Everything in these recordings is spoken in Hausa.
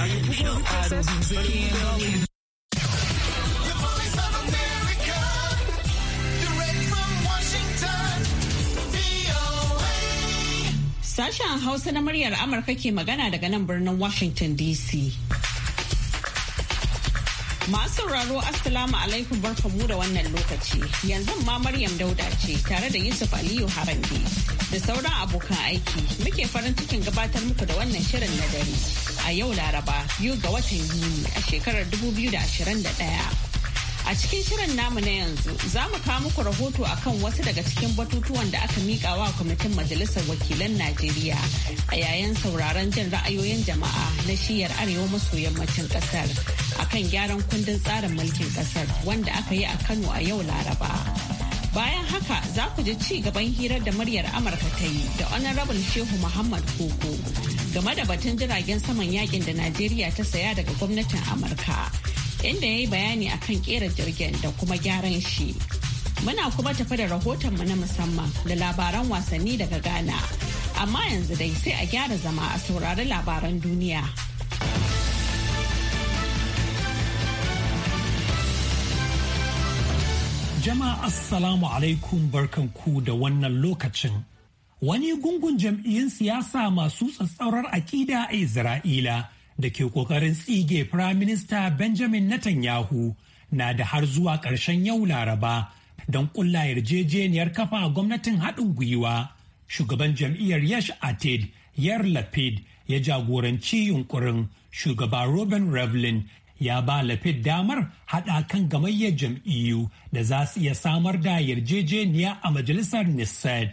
Sashen Hausa na muryar Amurka ke magana daga nan birnin Washington DC. Masu sauraro Assalamu alaikum barkamu da wannan lokaci. Yanzu ma Maryam Dauda ce tare da Yusuf Aliyu Harande. da sauran abokan aiki muke farin cikin gabatar muku da wannan shirin na dare a yau laraba biyu ga watan yuni a shekarar 2021. A cikin shirin namu na yanzu za mu kawo muku rahoto akan wasu daga cikin batutuwan da aka mika wa kwamitin Majalisar Wakilan Najeriya a yayin sauraron jin ra'ayoyin jama'a na shiyar arewa maso yammacin kasar akan gyaran kundin tsarin mulkin kasar wanda aka yi a Kano a yau Laraba. Bayan haka za ku ji ci gaban hirar da muryar Amurka ta yi da Honorable Shehu Muhammad Koko game da batun jiragen saman yakin da Najeriya ta saya daga gwamnatin Amurka. Inda ya yi bayani akan kera jirgin da kuma gyaran shi. Muna kuma tafi da rahotonmu na musamman da labaran wasanni daga Ghana. Amma yanzu dai sai a gyara zama a saurari labaran duniya. Jama'a Assalamu alaikum barkanku da wannan lokacin. Wani gungun jam'iyyun siyasa masu tsatsaurar akida a Isra'ila da ke ƙoƙarin tsige Firaminista Benjamin Netanyahu na da har zuwa ƙarshen yau Laraba don ƙulla yarjejeniyar kafa gwamnatin haɗin gwiwa. Shugaban jam'iyyar Yash Atid Yar Lapid ya jagoranci yunkurin shugaba Robin Revlin ya ba lafid damar hada kan gamayyar jam'iyyu da za su iya samar da yarjejeniya a majalisar nisad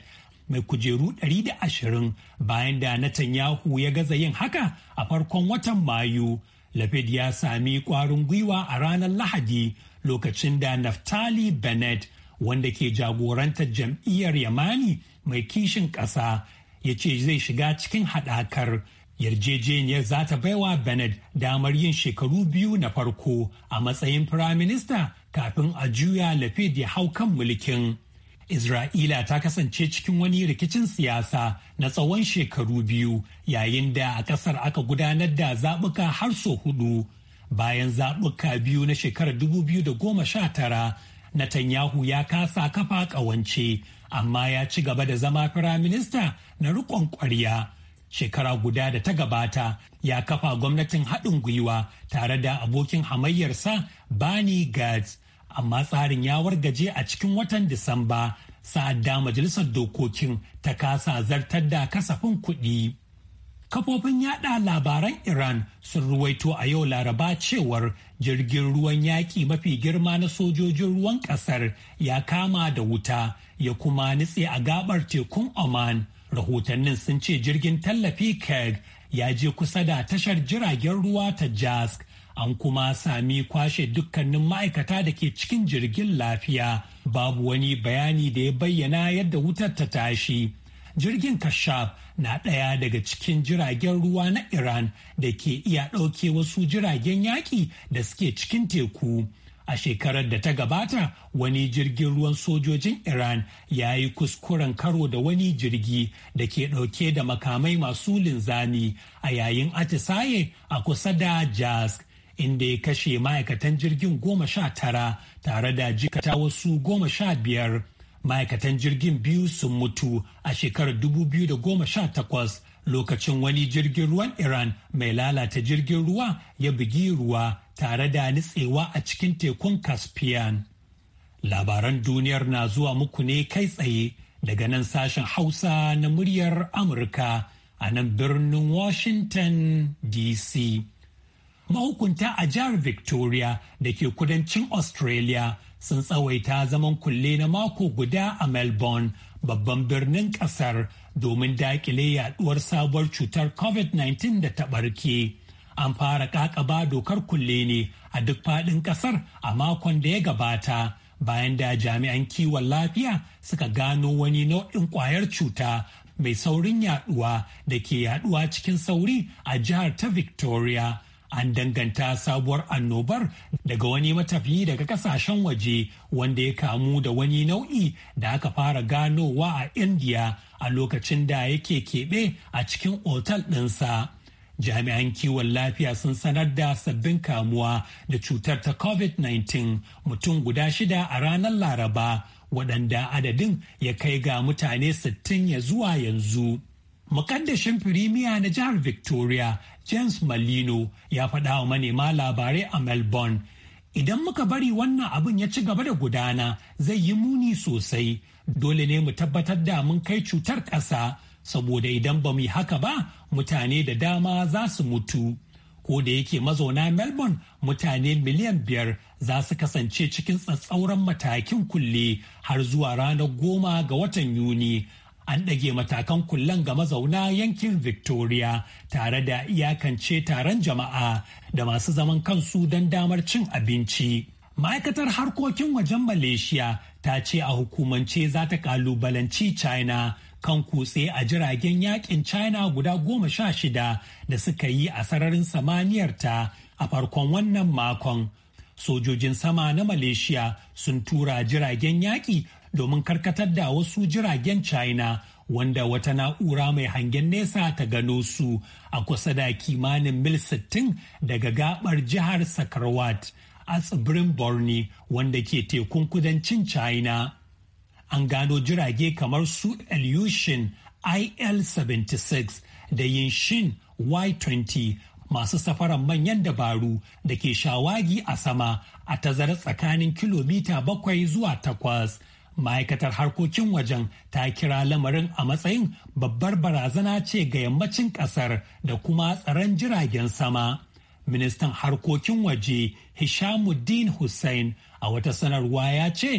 mai kujeru 120 bayan da Netanyahu ya gaza yin haka a farkon watan mayu lafid ya sami kwarin gwiwa a ranar lahadi lokacin da naftali bennett wanda ke jagorantar jam'iyyar yamani mai kishin ƙasa ya ce zai shiga cikin haɗakar yarjejeniyar za ta baiwa Bennett damar yin shekaru biyu na farko a matsayin firaminista kafin a juya Lapid ya hau kan mulkin. Isra'ila ta kasance cikin wani rikicin siyasa na tsawon shekaru biyu yayin da a ƙasar aka gudanar da zaɓuka har so hudu. Bayan zaɓuka biyu na shekarar 2019, Netanyahu ya kasa kafa ƙawance, amma ya ci gaba da zama firaminista na riƙon ƙwarya. shekara guda da ta gabata ya kafa gwamnatin haɗin gwiwa tare da abokin hamayyarsa bani Gads, amma tsarin ya wargaje a cikin watan Disamba sa'adda majalisar dokokin ta kasa zartar da kasafin kuɗi. Kafofin yada labaran Iran sun ruwaito a yau laraba cewar jirgin ruwan yaƙi mafi girma na sojojin ruwan ƙasar ya kama da wuta ya kuma nitse a gabar tekun Oman. rahotannin sun ce jirgin tallafi keg ya je kusa da tashar jiragen ruwa ta jask an kuma sami kwashe dukkanin ma'aikata da ke cikin jirgin lafiya babu wani bayani da ya bayyana yadda wutar ta tashi jirgin kashaf na ɗaya daga cikin jiragen ruwa na iran da ke iya ɗauke wasu jiragen yaƙi da suke cikin teku a shekarar da ta gabata wani jirgin ruwan sojojin iran ya yi kuskuren karo da wani jirgi da ke ɗauke da makamai masu linzami a yayin atisaye a kusa da jask inda ya kashe ma'aikatan jirgin goma sha tara tare da jikata wasu goma sha biyar ma'aikatan jirgin biyu sun mutu a shekarar 2018 lokacin wani jirgin ruwan Iran mai lalata jirgin ruwa ya bugi ruwa tare da nitsewa a cikin tekun Caspian. Labaran duniyar na zuwa muku ne kai tsaye daga nan sashen Hausa na muryar Amurka a nan birnin Washington DC. Mahukunta a jihar Victoria da ke kudancin Australia sun tsawaita zaman kulle na mako guda a Melbourne, babban birnin kasar domin dakile yaduwar sabuwar cutar covid-19 da ta barke an fara kakaba dokar kulle ne a duk fadin kasar a makon da ya gabata bayan da jami'an kiwon lafiya suka gano wani nau'in kwayar cuta mai saurin yaduwa da ke yaduwa cikin sauri a jihar ta victoria an danganta sabuwar annobar daga wani matafiyi daga kasashen waje wanda ya kamu da wani nau'i da aka fara ganowa a Indiya a lokacin da yake keɓe a cikin otal ɗinsa jami'an kiwon lafiya sun sanar da sabbin kamuwa da cutar ta covid-19 mutum guda shida a ranar laraba waɗanda adadin ya kai ga mutane 60 ya zuwa yanzu. Mukaddashin firimiya na jihar Victoria, James Malino, ya faɗa wa manema labarai a Melbourne. Idan muka bari wannan abin ya ci gaba da gudana zai yi muni sosai, dole ne mu tabbatar da mun kai cutar ƙasa, saboda idan ba mu yi haka ba mutane da dama za su mutu. Ko da yake mazauna Melbourne mutane miliyan biyar za su kasance cikin tsatsauran matakin kulle har zuwa ranar goma ga watan Yuni. an ɗage matakan kullan ga mazauna yankin victoria tare da iyakance taron jama'a da masu zaman kansu don damar cin abinci ma'aikatar harkokin wajen malaysia ta ce a hukumance za ta kalubalanci china kan kutse a jiragen yakin china guda goma sha shida da suka yi a sararin samaniyarta a farkon wannan makon sojojin sama na malaysia sun tura jiragen yaƙi domin karkatar da wasu jiragen China wanda wata na'ura mai hangen nesa ta gano su a kusa da kimanin mil 60 daga gabar jihar Sakarwat a tsibirin Borni wanda ke tekun kudancin China. An gano jirage kamar su illusion IL-76 da Yinshin Y-20 masu safaran manyan dabaru da ke shawagi a sama a tazara tsakanin kilomita bakwai zuwa takwas ma'aikatar harkokin wajen ta kira lamarin a matsayin babbar barazana ce ga yammacin kasar da kuma tsaron jiragen sama ministan harkokin waje hishamuddin hussein a wata sanarwa ya ce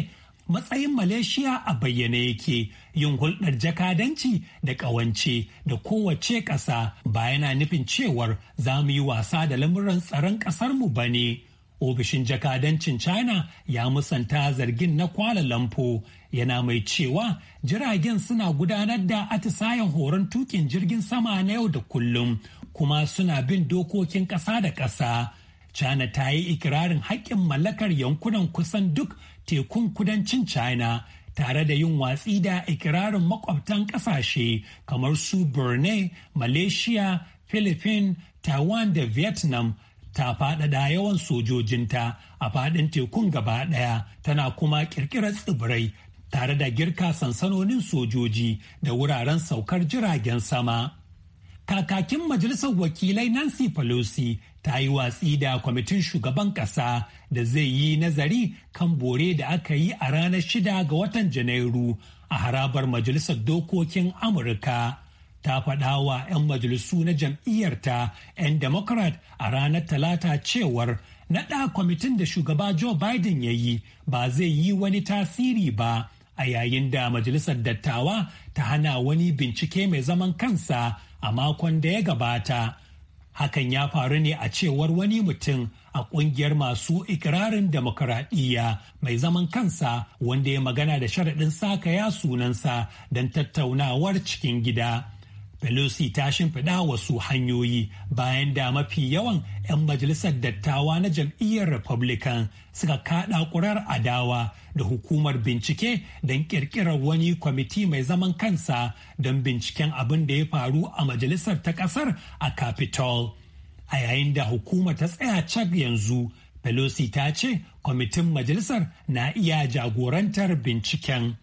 matsayin malaysia a bayyane yake yin hulɗar jakadanci da ƙawance da kowace ƙasa ba yana nufin cewar za mu yi wasa da lamuran tsaron ƙasarmu ba ne ofishin jakadancin china ya musanta zargin na kwala lampo yana mai cewa jiragen suna gudanar da atisayen horon tukin jirgin sama na yau da kullum kuma suna bin dokokin ƙasa da ƙasa china ta yi ikirarin haƙƙin mallakar yankunan kusan duk tekun kudancin china tare da yin watsi da ikirarin makwabtan ƙasashe kamar su brunei malaysia philippines taiwan da vietnam ta faɗaɗa yawan sojojinta a faɗin tekun gaba ɗaya tana kuma ƙirƙirar tsibirai tare da girka sansanonin sojoji da wuraren saukar jiragen sama. Kakakin Majalisar Wakilai Nancy Pelosi ta yi watsi da kwamitin shugaban ƙasa da zai yi nazari kan bore da aka yi a ranar shida ga watan Janairu a harabar Majalisar Dokokin Amurka. ta faɗa wa 'yan majalisu na jam'iyyarta 'yan democrat a ranar talata cewar naɗa kwamitin da shugaba joe biden ya yi ba zai yi wani tasiri ba a yayin da majalisar dattawa ta hana wani bincike mai zaman kansa a makon da ya gabata hakan ya faru ne a cewar wani mutum a kungiyar masu ikirarin demokuraɗiyya mai zaman kansa wanda ya magana da sharaɗin saka ya sunansa don tattaunawar cikin gida. Pelosi ta shimfiɗa wasu hanyoyi bayan da mafi yawan 'yan majalisar dattawa na jam'iyyar Republican suka kaɗa ƙurar adawa da hukumar bincike don ƙirƙirar wani kwamiti mai zaman kansa don binciken abin da ya faru a majalisar ta ƙasar a Capitol. A yayin da hukumar ta tsaya cak yanzu, Pelosi ta ce kwamitin majalisar na iya jagorantar binciken.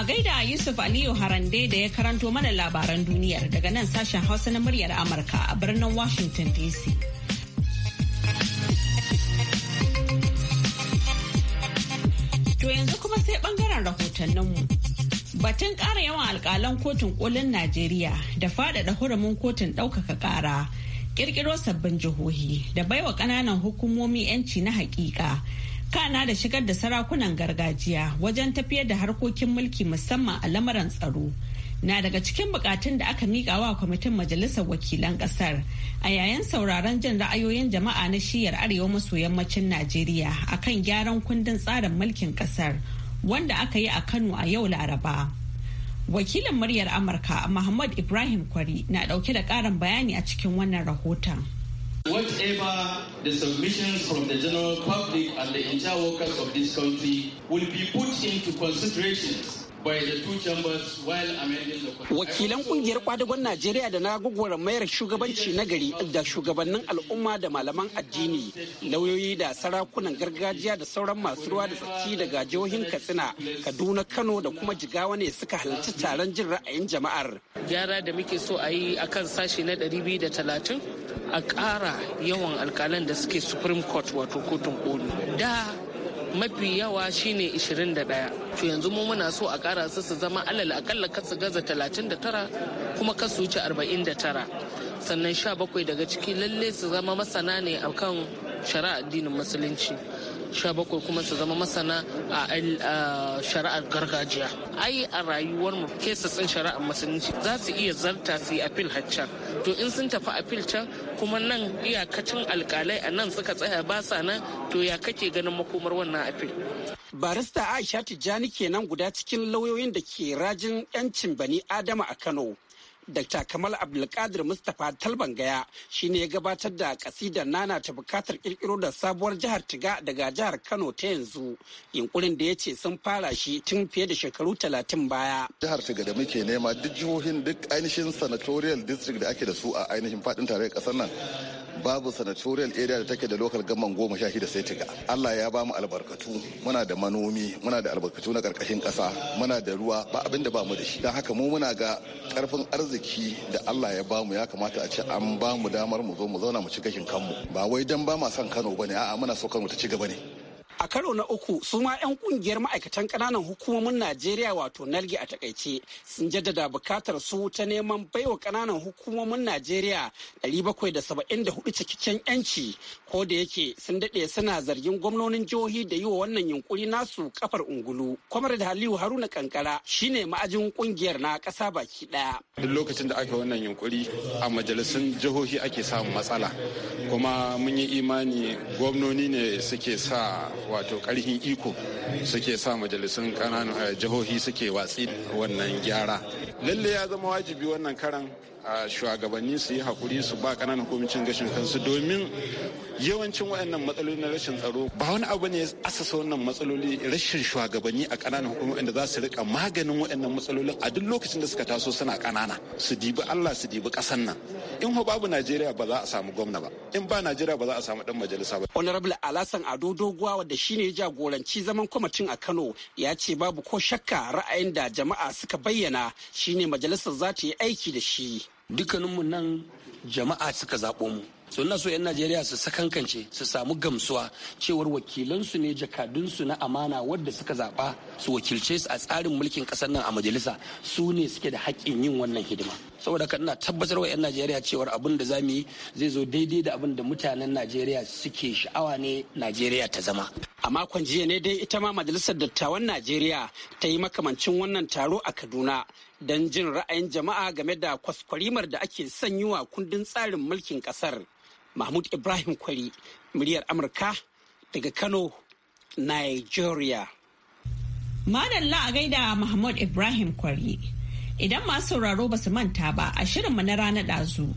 A gaida Yusuf Aliyu Harande da ya karanto mana labaran duniyar daga nan sashen Hausa na muryar Amurka a birnin Washington DC. To yanzu kuma sai bangaren rahotanninmu. Batun ƙara yawan alƙalan kotun ƙolin Najeriya da faɗaɗa hurumin kotun ɗaukaka ƙara, ƙirƙiro sabbin jihohi da baiwa ƙananan hukumomi 'yanci na haƙiƙa. kana da shigar da sarakunan gargajiya wajen tafiyar da harkokin mulki musamman a lamarin tsaro na daga cikin bukatun da aka miƙa wa kwamitin majalisar wakilan ƙasar a yayin sauraron jin ra'ayoyin jama'a na shiyar arewa maso yammacin najeriya akan gyaran kundin tsarin mulkin ƙasar wanda aka yi a kano a yau laraba wakilin muryar amurka muhammad ibrahim kwari na dauke da ƙarin bayani a cikin wannan rahoton whatever the submissions from the general public and the entire workers of this country will be put into consideration Wakilan kungiyar kwadagon Najeriya da na mayar shugabanci na gari da shugabannin al'umma da malaman addini, lauyoyi da sarakunan gargajiya da sauran masu ruwa da tsaki daga jihohin Katsina, Kaduna, Kano da kuma Jigawa ne suka halarci taron jin ra'ayin jama'ar. Gyara da muke so a yi a kan sashi na 230 a ƙara yawan alkalan da suke supreme court wato kotun koli da mafi yawa shine 21 to yanzu mu muna so a ƙara su su zama alal akalla kasu gaza 39 kuma kasu wuce 49 sannan 17 daga ciki lalle su zama masana ne akan shari'a addinin musulunci Sha bakwai kuma su zama masana a shari'ar gargajiya ai a rayuwar mu tsin shari'ar musulunci za su iya zarta su yi apil haccan to in sun tafi apil can kuma nan iyakacin alkalai a nan suka tsaya ba sa nan to ya kake ganin makomar wannan apil barista aisha tijjani kenan guda cikin lauyoyin da ke rajin 'yancin bani adama a kano Dr. Kamal Abdulkadir Mustapha Talban Gaya ne ya gabatar da kasidar nana ta bukatar kirkiro da sabuwar jihar Tiga daga jihar Kano ta yanzu. Yunkurin da ya ce sun fara shi tun fiye da shekaru talatin baya. Jihar Tiga da muke nema duk jihohin duk ainihin sanatorial district da ake da su a ainihin faɗin tarayyar ƙasar nan babu sanatorial area da take da local gaman goma sha shida sai tiga Allah ya ba mu albarkatu muna da manomi muna da albarkatu na karkashin kasa muna da ruwa ba abin da ba mu da shi don haka mu muna ga karfin arziki arziki da Allah ya bamu ya kamata a ce an bamu damar mu zo mu zauna mu ci gashin kanmu ba wai dan ba ma son Kano bane a'a muna so Kano ta ci gaba ne a karo na uku su ma 'yan kungiyar ma'aikatan kananan hukumomin najeriya wato nalge a takaice sun jaddada bukatar su ta neman baiwa kananan hukumomin najeriya 774 cikakken 'yanci ko da yake sun daɗe suna zargin gwamnonin jihohi da yi wa wannan yunkuri nasu kafar ungulu kwamar da haliyu haruna kankara shine ma'ajin kungiyar na ƙasa baki ɗaya duk lokacin da aka wannan yunkuri a majalisun jihohi ake samun matsala kuma mun yi imani gwamnoni ne suke sa wato karhin iko suke sa majalisun kananan eh, jihohi suke watsi wannan gyara lalle ya zama wajibi wannan karan a shugabanni su yi hakuri su ba ƙananan hukumcin gashin kansu domin yawancin waɗannan matsaloli na rashin tsaro ba wani abu ne asasa wannan matsaloli rashin shugabanni a kananan hukumomi da za su rika maganin waɗannan matsalolin a duk lokacin da suka taso suna kanana su dibi Allah su dibi ƙasar nan in ho babu Najeriya ba za a samu gwamna ba in ba Najeriya ba za a samu dan majalisa ba Honorable Alasan Ado Doguwa wanda shine ya jagoranci zaman kwamitin a Kano ya ce babu ko shakka ra'ayin da jama'a suka bayyana shine majalisar za ta yi aiki da shi dukkaninmu nan jama'a suka zaɓo mu so ina so 'yan najeriya su sakankance su samu gamsuwa cewar wakilansu ne jakadunsu na amana wadda suka zaɓa su wakilce su a tsarin mulkin ƙasar nan a majalisa su ne suke da haƙƙin yin wannan hidima saboda haka ina tabbatar wa 'yan najeriya cewar abin da zamu yi zai zo daidai da abin da mutanen najeriya suke sha'awa ne najeriya ta zama A makon jiya ne dai ita ma Majalisar Dattawan Najeriya ta yi makamancin wannan taro a Kaduna don jin ra'ayin jama'a game da kwaskwarimar da ake sanyiwa kundin tsarin mulkin kasar. Mahmud Ibrahim Kwari, muryar Amurka daga Kano, Nigeria. Madalla a gaida Mahmud Ibrahim Kwari. Idan masu sauraro ba su manta ba a shirinmu na ranar ɗazu,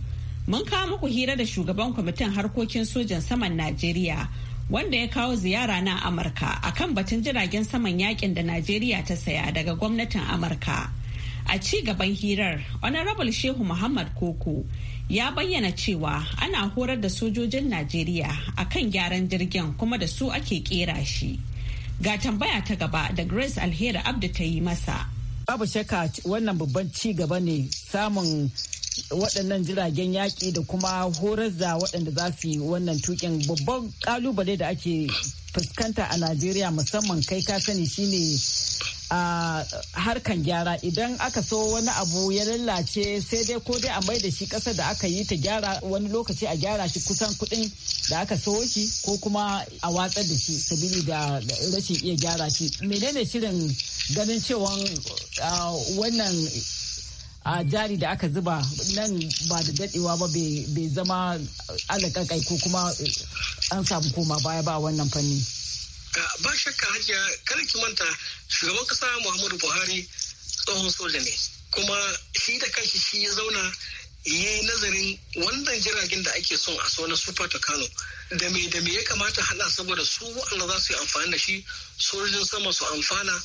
mun kawo muku hira da shugaban kwamitin harkokin sojan saman Najeriya. wanda ya kawo ziyara na amurka a kan batun jiragen saman yakin da najeriya ta saya daga gwamnatin amurka a ci gaban hirar honorable shehu muhammad koko ya bayyana cewa ana horar da sojojin najeriya a kan gyaran jirgin kuma da su ake kera shi ga tambaya ta gaba da grace alheri abdu ta yi masa babu shakka wannan babban ci gaba ne samun waɗannan jiragen yaƙi da kuma horar da waɗanda za su yi wannan tukin babban ƙalubale da ake fuskanta a najeriya musamman kai ka sani shine a harkan gyara idan aka so wani abu ya lallace sai dai ko dai a mai da shi ƙasa da aka yi ta gyara wani lokaci a gyara shi kusan kuɗin da aka so shi ko kuma a watsar da shi sabili da rashin iya gyara shi menene shirin ganin cewa wannan a jari da aka zuba nan ba da dadewa ba bai zama alaƙaƙai ko kuma eh, an samu koma baya ba wannan fanni. ba shakka hajiya kada ki manta shugaban kasa muhammadu buhari tsohon soja ne kuma shi da kanshi shi ya zauna ya yi nazarin wannan jiragen da ake son a so na super tucano da me da me ya kamata hada saboda su wa'anda za su yi amfani da shi sojojin sama su amfana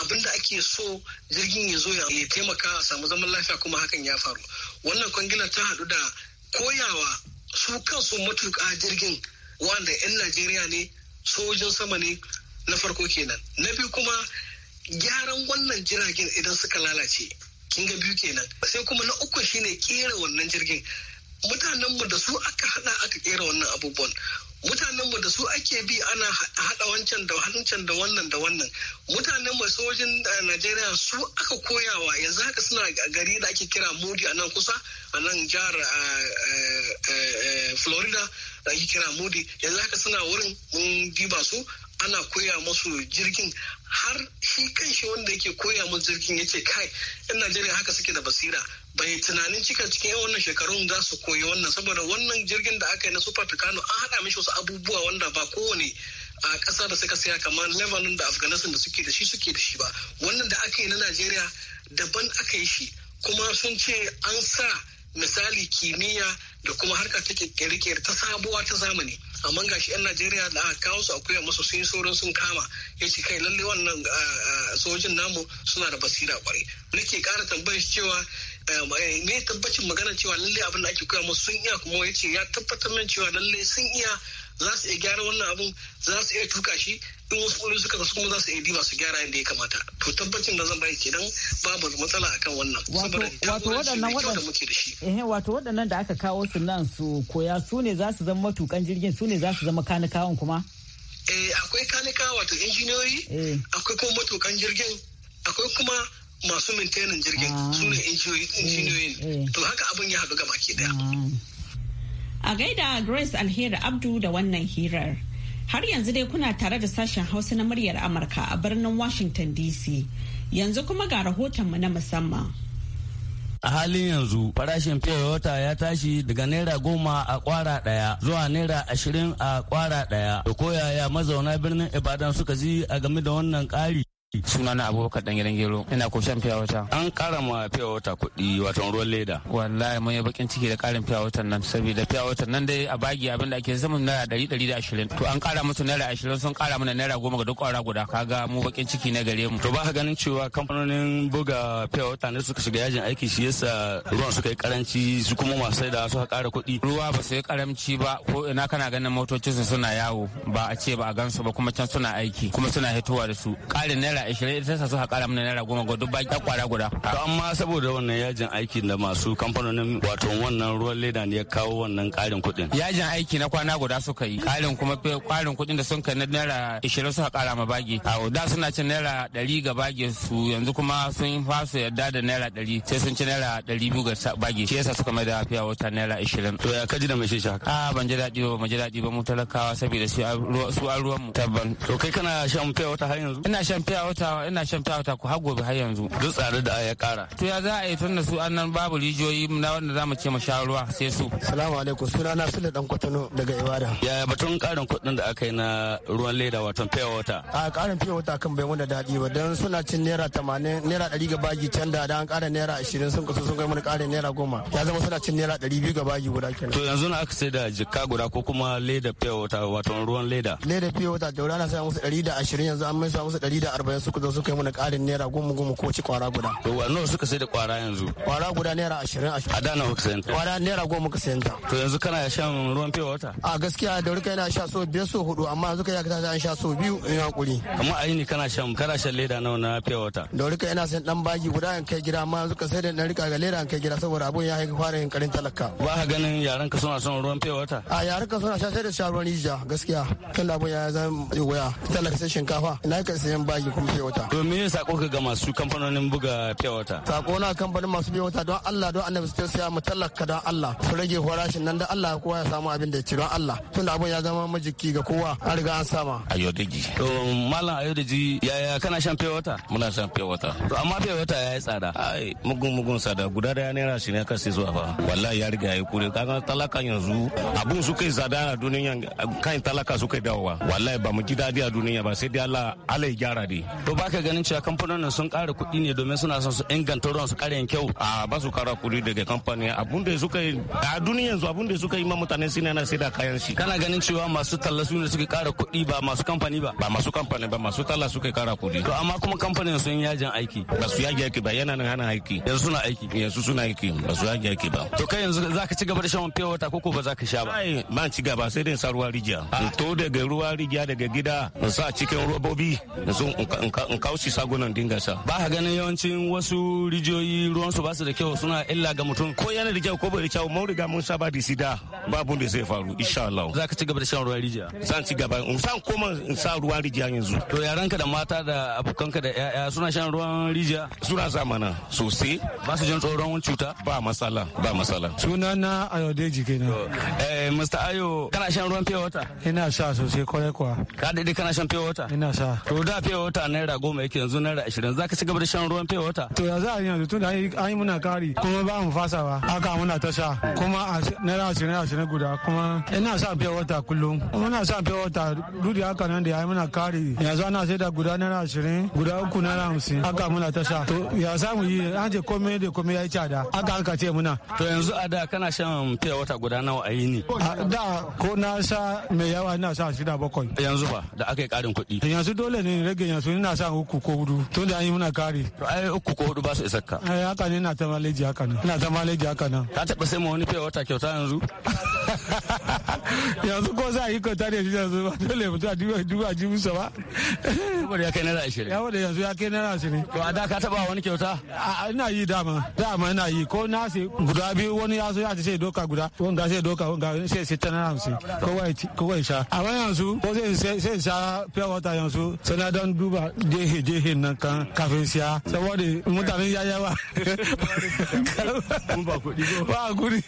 abin da ake so jirgin ya zo ya taimaka a samu zaman lafiya kuma hakan ya faru wannan kwangila ta hadu da koyawa su kansu matuka jirgin wanda 'yan najeriya ne sojin sama ne na farko kenan na biyu kuma gyaran wannan jiragen idan suka lalace kinga biyu kenan sai kuma na uku shine kera wannan jirgin mutanenmu da su aka hada aka kera wannan abubuwan mutanenmu da su ake bi ana hada wancan da wancan da wannan da wannan mutanen mu sojin eh, Najeriya su aka koyawa yanzu haka suna a gari da ake kira Modi a nan kusa a nan jihar eh, eh, Florida da ake kira Modi yanzu haka suna wurin mun diba su ana koya musu jirgin har shi kanshi wanda yake koya musu jirgin yace kai yan najeriya haka suke da basira bai tunanin cika cikin yan wannan shekarun za su koyi wannan saboda wannan jirgin da aka yi na super tucano an haɗa mishi wasu abubuwa wanda ba kowane a ƙasa da suka saya kamar lebanon da afghanistan da suke da shi suke da shi ba wannan da aka yi na najeriya daban aka yi shi kuma sun ce an sa misali kimiyya da kuma harka ta kirkir ta sabuwa ta zamani amma gashi yan najeriya da aka kawo su akuya masu sun sauran sun kama ya ce kai lalle wannan sojin namu suna da basira kwarai nake kara tambayar cewa um, eh, me tabbacin magana cewa lalle abin da ake koya musu sun iya kuma ya ce ya tabbatar min cewa lalle sun iya za su iya gyara wannan abun za su iya tuka shi in wasu ƙwari suka kasu kuma za su iya diba su gyara yadda ya kamata to tabbacin da zan bayi kenan babu matsala akan wannan wato waɗannan waɗannan eh, wato waɗannan da aka kawo su nan su koya su ne za su zama matukan jirgin su ne za su zama kanikawan kuma eh, akwai kanika wato injiniyoyi eh. akwai kuma matukan jirgin akwai kuma masu mintanin jirgin ah. su ne injiniyoyin to haka abin ya haɗu gaba ke daya ah. A gaida Grace Alheri Abdu da wannan hirar. Har yanzu dai kuna tare da sashen Hausa na muryar Amurka a birnin Washington DC. Yanzu kuma ga rahotonmu na musamman. a halin yanzu farashin fiye wata ya tashi daga naira goma a kwara daya zuwa naira ashirin a kwara daya da koyaya mazauna birnin ibadan suka ji a game da wannan kari suna na abubakar dan gidan gero ina ko shan fiya wata an kara ma fiya wata kuɗi watan ruwan leda wallahi mun yi bakin ciki da karin fiya watan nan saboda fiya watan nan dai a bagi abin da ake zama naira ɗari ɗari da ashirin to an kara musu naira ashirin sun kara mana naira goma ga duk ƙwara guda kaga mu bakin ciki na gare mu to ba ka ganin cewa kamfanonin buga fiya wata ne suka shiga yajin aiki shi yasa ruwan suka yi karanci su kuma masu da suka kara kuɗi ruwa ba su yi karanci ba ko ina kana ganin motocinsu suna yawo ba a ce ba a gansu ba kuma can suna aiki kuma suna hitowa da su ƙarin naira naira ishirin ita sa suka kara mana naira goma gudu duk baki kwara guda. to amma saboda wannan yajin aiki da masu kamfanonin wato wannan ruwan leda ne ya kawo wannan karin kuɗin. yajin aiki na kwana guda suka yi karin kuma karin kuɗin da sun kai na naira ashirin suka kara ma bagi. a da suna cin naira ɗari ga bagi su yanzu kuma sun fasu yadda da naira ɗari sai sun ci naira ɗari biyu ga bagi shi yasa suka mai da fiya wata naira ishirin. to ya kaji da mai shi haka. a ban ji daɗi ba ban ji daɗi ba mu talakawa saboda su a ruwan mu. tabban. to kai kana shan fiya wata har yanzu. ina shan fiya tawata ina shan tawata ku har gobe har yanzu duk tsare da ya kara to ya za a yi tunda su annan babu rijiyoyi na wanda zamu ce mu sha ruwa sai su assalamu alaikum suna na sule dan kwatano daga ibadan ya batun karin kudin da aka yi na ruwan leda wato pay water a karin pay water kan bai wanda dadi ba dan suna cin naira 80 naira 100 ga bagi can da dan kara naira 20 sun kusa sun kai mana karin naira 10 ya zama suna cin naira 200 ga bagi guda kenan to yanzu na aka sai da jikka guda ko kuma leda pay water wato ruwan leda leda pay water da na sai musu 120 yanzu an mai sa musu 140 nan suka zo suka yi mana ƙarin naira goma goma ko ci kwara guda. To wa nawa suka sai da kwara yanzu? Kwara guda naira ashirin ashirin. A da nawa ka sayanta? Kwara naira goma ka sayanta. To yanzu kana shan ruwan fiye wata? A gaskiya da rika yana sha so biyar so hudu amma yanzu ka yaka an sha so biyu in hakuri. Amma a ni kana shan kana shan leda nawa na fiye wata? Da rika yana sayan dan bagi guda in kai gida amma yanzu ka sayar da dan rika ga leda in kai gida saboda abun ya haifi fara yin karin talaka. Ba ka ganin yaran ka suna son ruwan fiye wata? A yaran ka suna sha sai da sha ruwan rijiya gaskiya. Kan da abun ya zama waya talaka sai shinkafa. Ina ka sayan bagi kuma fiye wata. To me sako ka ga masu kamfanonin buga fiye wata? Sako na kamfanin masu fiye wata don Allah don annabi su tausaya mu tallaka don Allah su rage farashin nan da Allah kowa ya samu abin da ya ci don Allah tun da abin ya zama majiki ga kowa an riga an sama. Ayodeji. To malam Ayodeji yaya kana shan fiye wata? Muna shan fiye wata. To amma fiye wata ya yi tsada. Ai mugun mugun tsada guda da ya naira shi ne ka sai zuwa fa. Wallahi ya riga ya yi kure kaga talaka yanzu abun su kai tsada a duniyan kan talaka su kai dawowa. Wallahi ba mu ji daɗi a duniya ba sai dai Allah Allah ya gyara dai. to ka ganin cewa kamfanonin sun kara kuɗi ne domin suna son su inganta ruwan su kare kyau a ba su kara kuɗi daga kamfani abun da suka yi a duniya yanzu abun da suka yi ma mutane su na sai da kayan shi kana ganin cewa masu talla su ne suka kara kuɗi ba masu kamfani ba ba masu kamfani ba masu talla suka kara kuɗi to amma kuma kamfanin sun yajin aiki ba su yaji aiki ba yana nan hana aiki yanzu suna aiki yanzu suna aiki ba su yaji aiki ba to kai yanzu za ka ci gaba da shan fiye ta koko ba za ka sha ba ba ci gaba sai dai in sa ruwa rijiya ah. to daga ruwa rijiya daga gida in sa cikin robobi in in kawo sagunan dinga sa ba ka ganin yawancin wasu rijiyoyi ruwan su ba su da kyau suna illa ga mutum ko yana da kyau ko bai da kyau mun riga mun saba da sida babu da zai faru insha Allah za ka ci gaba da shan ruwan rijiya san ci gaba in san koma in sa ruwan rijiya yanzu to yaranka da mata da abokanka da yaya suna shan ruwan rijiya suna zamana sosai ba su jin tsoron cuta ba matsala ba matsala sunana ayodeji kenan eh mr ayo kana shan ruwan fiye wata ina sha sosai kwarai kuwa ka daidai kana shan fiye wata ina sha to da fiye naira goma yake yanzu naira ashirin za ka ci gaba da shan ruwan fiye wata. to ya za a yi yanzu tun da an yi muna kari kuma ba mu fasa ba haka muna ta sha kuma naira ashirin ashirin guda kuma ina sa fiye wata kullum muna sa fiye wata duk da haka nan da ya yi muna kari yanzu ana sai da guda naira ashirin guda uku naira hamsin haka muna ta sha to ya za mu yi an ce komai da komai ya yi cada haka haka ce muna. to yanzu a da kana shan fiye wata guda nawa a yi ni. da ko na sha mai yawa ina sha shida bakwai. yanzu ba da aka yi karin kuɗi. yanzu dole ne rage yanzu ina sa uku ko hudu tun da an yi muna kare. To ai uku ko hudu ba su isar ka. Ai haka ne ina ta maleji haka nan. Ina ta maleji haka nan. Ka taɓa sai ma wani fiye wata kyauta yanzu? Yanzu ko za a yi kyauta da shi yanzu ba dole mutu a duba duba a jibu sa ba. Saboda ya kai naira ashirin. Ya wada yanzu ya kai naira ashirin. To a da ka taɓa wani kyauta? Ina yi dama. Dama ina yi ko na sai guda biyu wani ya so ya ce doka guda ga sai doka ga sai sai ta tana hamsin kowa ya sha. a Amma yanzu ko sai sai sha fiye wata yanzu sai na don duba jehe jehe nan kan kafin siya saboda mutane ya yawa ba kudi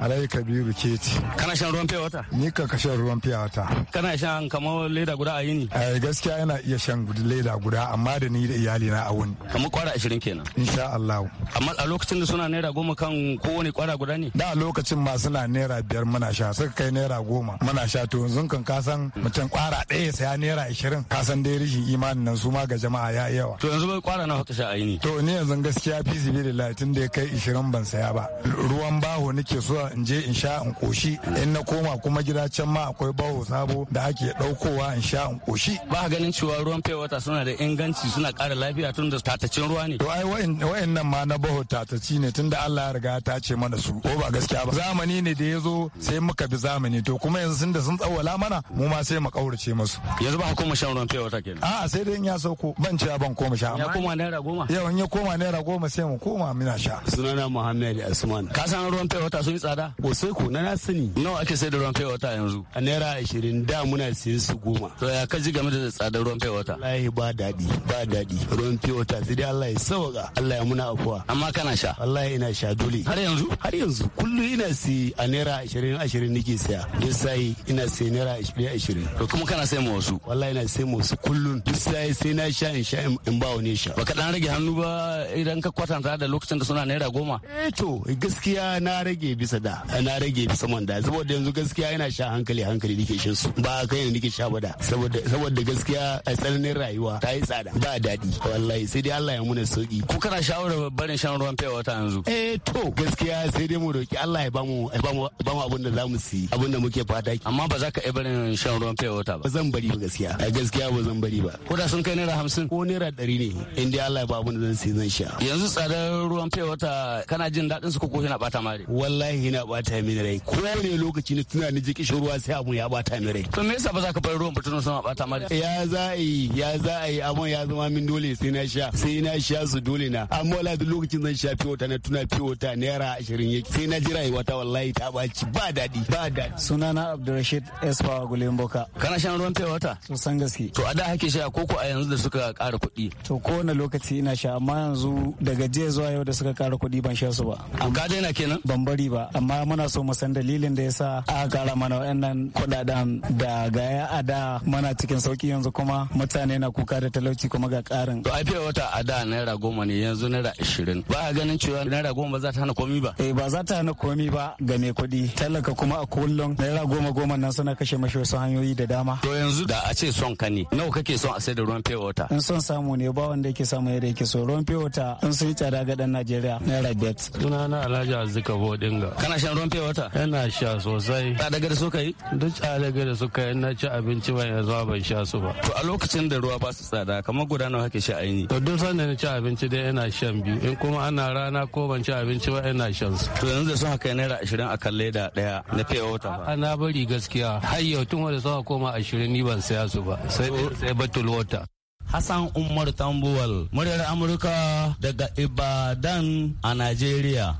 alayi kabiru keti kana shan ruwan fiya wata ni ka shan ruwan fiya wata kana shan kamar leda guda a yini eh gaskiya yana iya shan leda guda amma da ni da iyali na a wuni kamar kwara 20 kenan insha Allah amma a lokacin da suna naira goma kan kowane kwara guda ne da lokacin ma suna naira biyar muna sha suka kai naira goma muna sha to yanzu kan kasan mutum kwara ɗaya saya naira 20 kasan dai rishin imanin nan su ma ga jama'a ya yawa to yanzu bai kwara na haka sha'ayi ne to ni yanzu gaskiya fi da tun da ya kai ishirin ban saya ba ruwan baho nake so in je in sha in koshi in na koma kuma gida can ma akwai baho sabo da ake daukowa in sha in koshi ba ganin cewa ruwan wata suna da inganci suna kara lafiya tun da tatacin ruwa ne to ai nan ma na baho tatacci ne tun da Allah ya riga ta ce mana su ko ba gaskiya ba zamani ne da ya zo sai muka bi zamani to kuma yanzu sun da sun tsawala mana mu ma sai mu kaurace musu yanzu ba koma shan ruwan wata kenan a'a sai dai ya sauko ban ce ban koma sha ya koma naira goma yau in ya koma naira goma sai mu koma muna sha sunana muhammed asman ka san ruwan fiye wata sun tsada ko sai ko na sani nawa ake sai da ruwan fiye wata yanzu a naira ashirin da muna siyan su goma to ya ka ji game da tsadar ruwan fiye wata wallahi ba daɗi ba daɗi ruwan fiye wata sai dai Allah ya sauka Allah ya muna afuwa amma kana sha wallahi ina sha dole har yanzu har yanzu kullum ina si a naira ashirin ashirin nake siya. duk sai ina sai naira ashirin ashirin to kuma kana sai mu wasu wallahi ina sai mu wasu kullum duk sai sai na sha in sha in ba wani sha baka dan rage hannu ba idan ka kwatanta da lokacin da suna naira goma eh to gaskiya na rage bisa da eh, na rage bisa man da saboda yanzu gaskiya ina sha hankali hankali nake shan su ba kai ne nake sha ba da saboda saboda gaskiya a eh, tsananin rayuwa ta yi tsada ba daɗi wallahi sai dai Allah ya muna sauki ko kana shawara barin shan ruwan fiya wata yanzu eh to gaskiya sai dai mu roki Allah ya bamu bamu bamu abin da zamu ci abin da muke fata amma ba za ka iya barin shan ruwan fiya wata ba ba zan bari ba gaskiya eh, gaskiya ba zan bari ba ko da sun kai naira hamsin ko naira ɗari ne in dai Allah ya ba mun zan sai zan sha yanzu tsadar ruwan fiye wata kana jin daɗin su ko ko yana bata mare wallahi yana bata mini rai ko ne lokaci ne tuna ni jiki ruwa sai abu ya bata mini rai to me yasa ba za ka bar ruwan fitinu sama bata mare ya za a yi ya za a yi amma ya zama min dole sai na sha sai na sha su dole na amma wallahi duk lokacin zan sha fiye wata na tuna fiye wata naira ashirin yake sai na ji rayuwata wallahi ta baci ba daɗi ba daɗi sunana Abdulrashid Esfa Gulemboka kana shan ruwan fiye wata to san gaske to a da hake sha koko a yanzu da suka kara kuɗi. To na lokaci ina sha amma yanzu daga jiya zuwa yau da suka kara kuɗi ban sha su ba. Ka daina kenan? Ban bari ba amma muna so mu san dalilin da yasa aka kara mana wa'annan kuɗaɗen da ga ya ada mana cikin sauki yanzu kuma mutane na kuka da talauci kuma ga ƙarin. To ai wata a da naira goma ne yanzu naira ishirin. Ba a ganin cewa naira goma ba za ta hana komi ba. Eh ba za ta hana komi ba ga me kuɗi talaka kuma a kullum naira goma goma nan suna kashe mashi wasu hanyoyi da dama. To yanzu da a ce son ka ne nawa kake son a sai da ruwan ruwan fewota. In son samu ne ba wanda yake samu yadda yake so ruwan fewota in sun yi tsada ga dan Najeriya naira Rabet. Suna na Alhaji Azuka Bodinga. Kana shan ruwan fewota? Yana sha sosai. daga da suka yi? Duk daga da suka yi na ci abinci ban yanzu ban sha su ba. To a lokacin da ruwa ba su tsada kamar guda nawa kake sha aini? To duk sanda na ci abinci dai ina shan biyu in kuma ana rana ko ban ci abinci ba ina shan su. To yanzu da sun haka naira ashirin a kan leda daya na fewota ba. Ana bari gaskiya har yau tun wanda sama koma ashirin ni ban saya su ba sai bottle water. Hassan Umar Tambuwal, muryar Amurka daga Ibadan a Najeriya.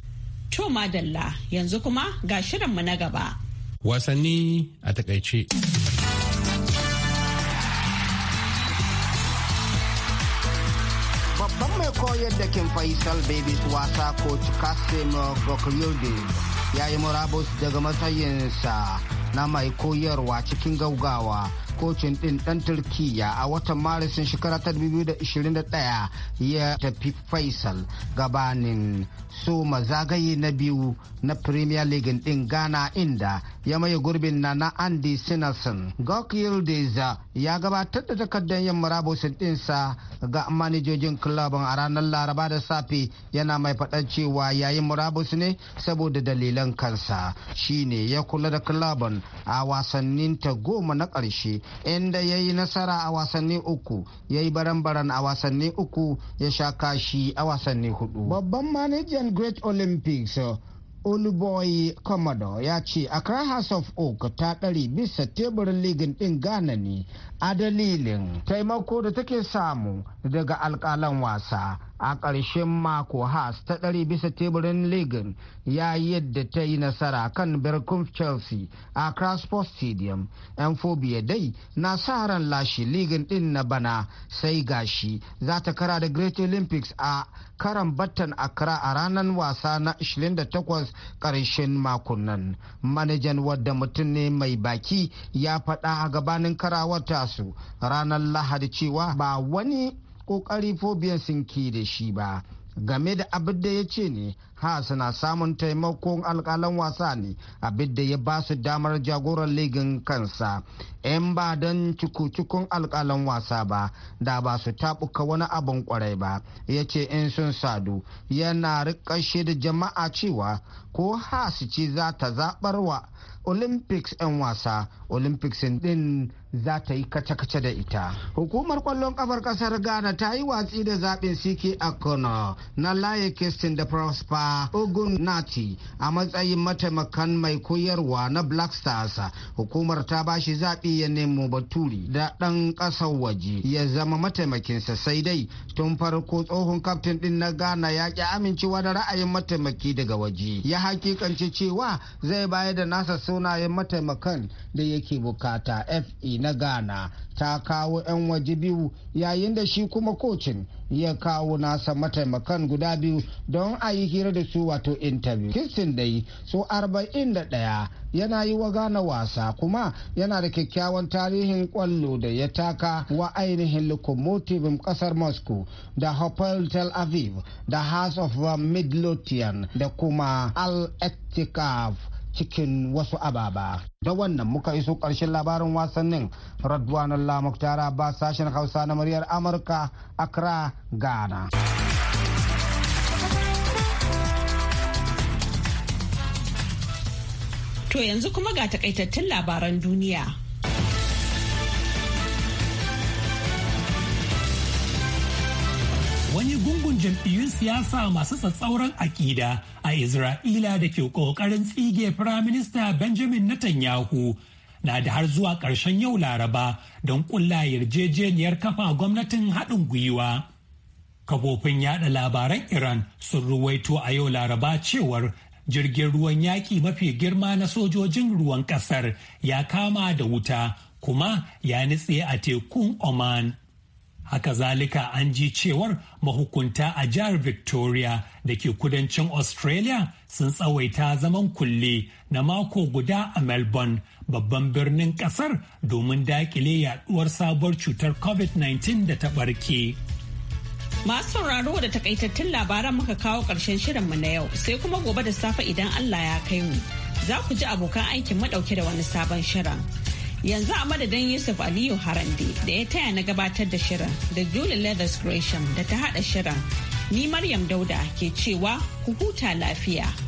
To madalla yanzu kuma ga shirinmu na gaba. Wasanni a takaice. Babban mai koyar da King Faisal Babies wasa ko Kasim Gokulyude ya yi murabus daga matsayinsa na mai koyarwa cikin gaugawa. kocin din dan turkiya a watan maris shekara ta 2021 ya tafi faisal gabanin soma zagaye na biyu na premier league din ghana inda ya maye gurbin na na Andy Sinison. Gok Yildiza ya gabatar da takardar yin murabusin ɗinsa ga manajojin kulabin a ranar Laraba da safe yana mai faɗan cewa yayin murabus ne saboda dalilan kansa. Shi ne ya kula da kulabin a wasannin ta goma na ƙarshe inda ya yi nasara a wasanni uku ya yi baran-baran a wasanni uku ya sha kashi a wasanni hudu. Babban manajan Great Olympics Oluboy Commodore ya ce a Accra House of Oak ta ɗari bisa teburin ligin ɗin Ghana ne a dalilin taimako da take samu daga alƙalan wasa a ƙarshen mako Haas ta ɗari bisa teburin Ligan ya yi yadda ta yi nasara kan birkin Chelsea a Crassport Stadium. 'Yan fobiya dai na sa ran lashe Ligan ɗin na bana sai gashi za ta kara da Great Olympics a karan battan Accra a ranar wasa na 28 ƙarshen makon nan. Manajan wadda mutum ne mai baki ya faɗa a gabanin karawar tasu ranar Lahadi cewa ba wani ko biyan sun ke da shi ba game da abin da ya ce ne ha suna samun taimakon alkalan wasa ne abin da ya ba su damar jagoran ligin kansa yan ba don cikukikun alkalan wasa ba da ba su tabuka wani abin kwarai ba ya ce in sun sadu yana rikashe da jama'a cewa ko ha su za ta zabar wa olympics 'yan wasa olympics din za ta yi kace-kace da ita. Hukumar kwallon kafar ƙasar Ghana ta yi watsi da zaɓin Siki Akono na Laye kistin da Prosper ogun nati a matsayin mataimakan mai koyarwa na black stars hukumar ta ba shi zaɓi ya nemo baturi da ɗan ƙasar waje ya zama mataimakinsa sai dai tun farko tsohon kaftin ɗin na ghana ya ƙi amincewa da ra'ayin mataimaki daga waje ya hakikanci cewa zai bayar da nasa sunayen mataimakan da yake bukata fe na ghana ta kawo 'yan waje biyu yayin da shi kuma kocin ya kawo nasa mataimakan guda biyu don a yi hira da su wato interview kistin dai su ɗaya yana yi wa gana wasa kuma yana da kyakkyawan tarihin kwallo da ya taka wa ainihin locomotive kasar moscow da hopel tel aviv da house of midlothian da kuma al-etikaf cikin wasu ababa. Da wannan muka iso ƙarshen labarin wasannin Radwanan Lamuktara ba sashen Hausa na muryar Amurka Accra, Ghana. To yanzu kuma ga takaitattun labaran duniya. wani gungun jam'iyyun siyasa masu tsatsauran akida a Isra'ila da ke ƙoƙarin tsige Firaminista Benjamin Netanyahu na da har zuwa ƙarshen yau Laraba don ƙulla yarjejeniyar kafa gwamnatin haɗin gwiwa. Kafofin yada labaran Iran sun ruwaito a yau Laraba cewar jirgin ruwan yaƙi mafi girma na sojojin ruwan ƙasar ya kama da wuta kuma ya nitse a tekun Oman. Haka zalika an ji cewar mahukunta a jihar Victoria da ke kudancin Australia sun tsawaita zaman kulle na mako guda a Melbourne babban birnin kasar domin dakile yaduwar sabuwar cutar COVID-19 da ta barke. Masu sauraro da takaitattun labaran muka kawo ƙarshen shirinmu na yau sai kuma gobe da safe idan Allah ya kai mu. Za ku ji abokan aikin madauke da wani sabon shirin. yanzu a madadin yusuf aliyu harande da ya taya na gabatar da shirin da julie leathers gresham da ta hada shirin ni maryam dauda ke cewa ku huta lafiya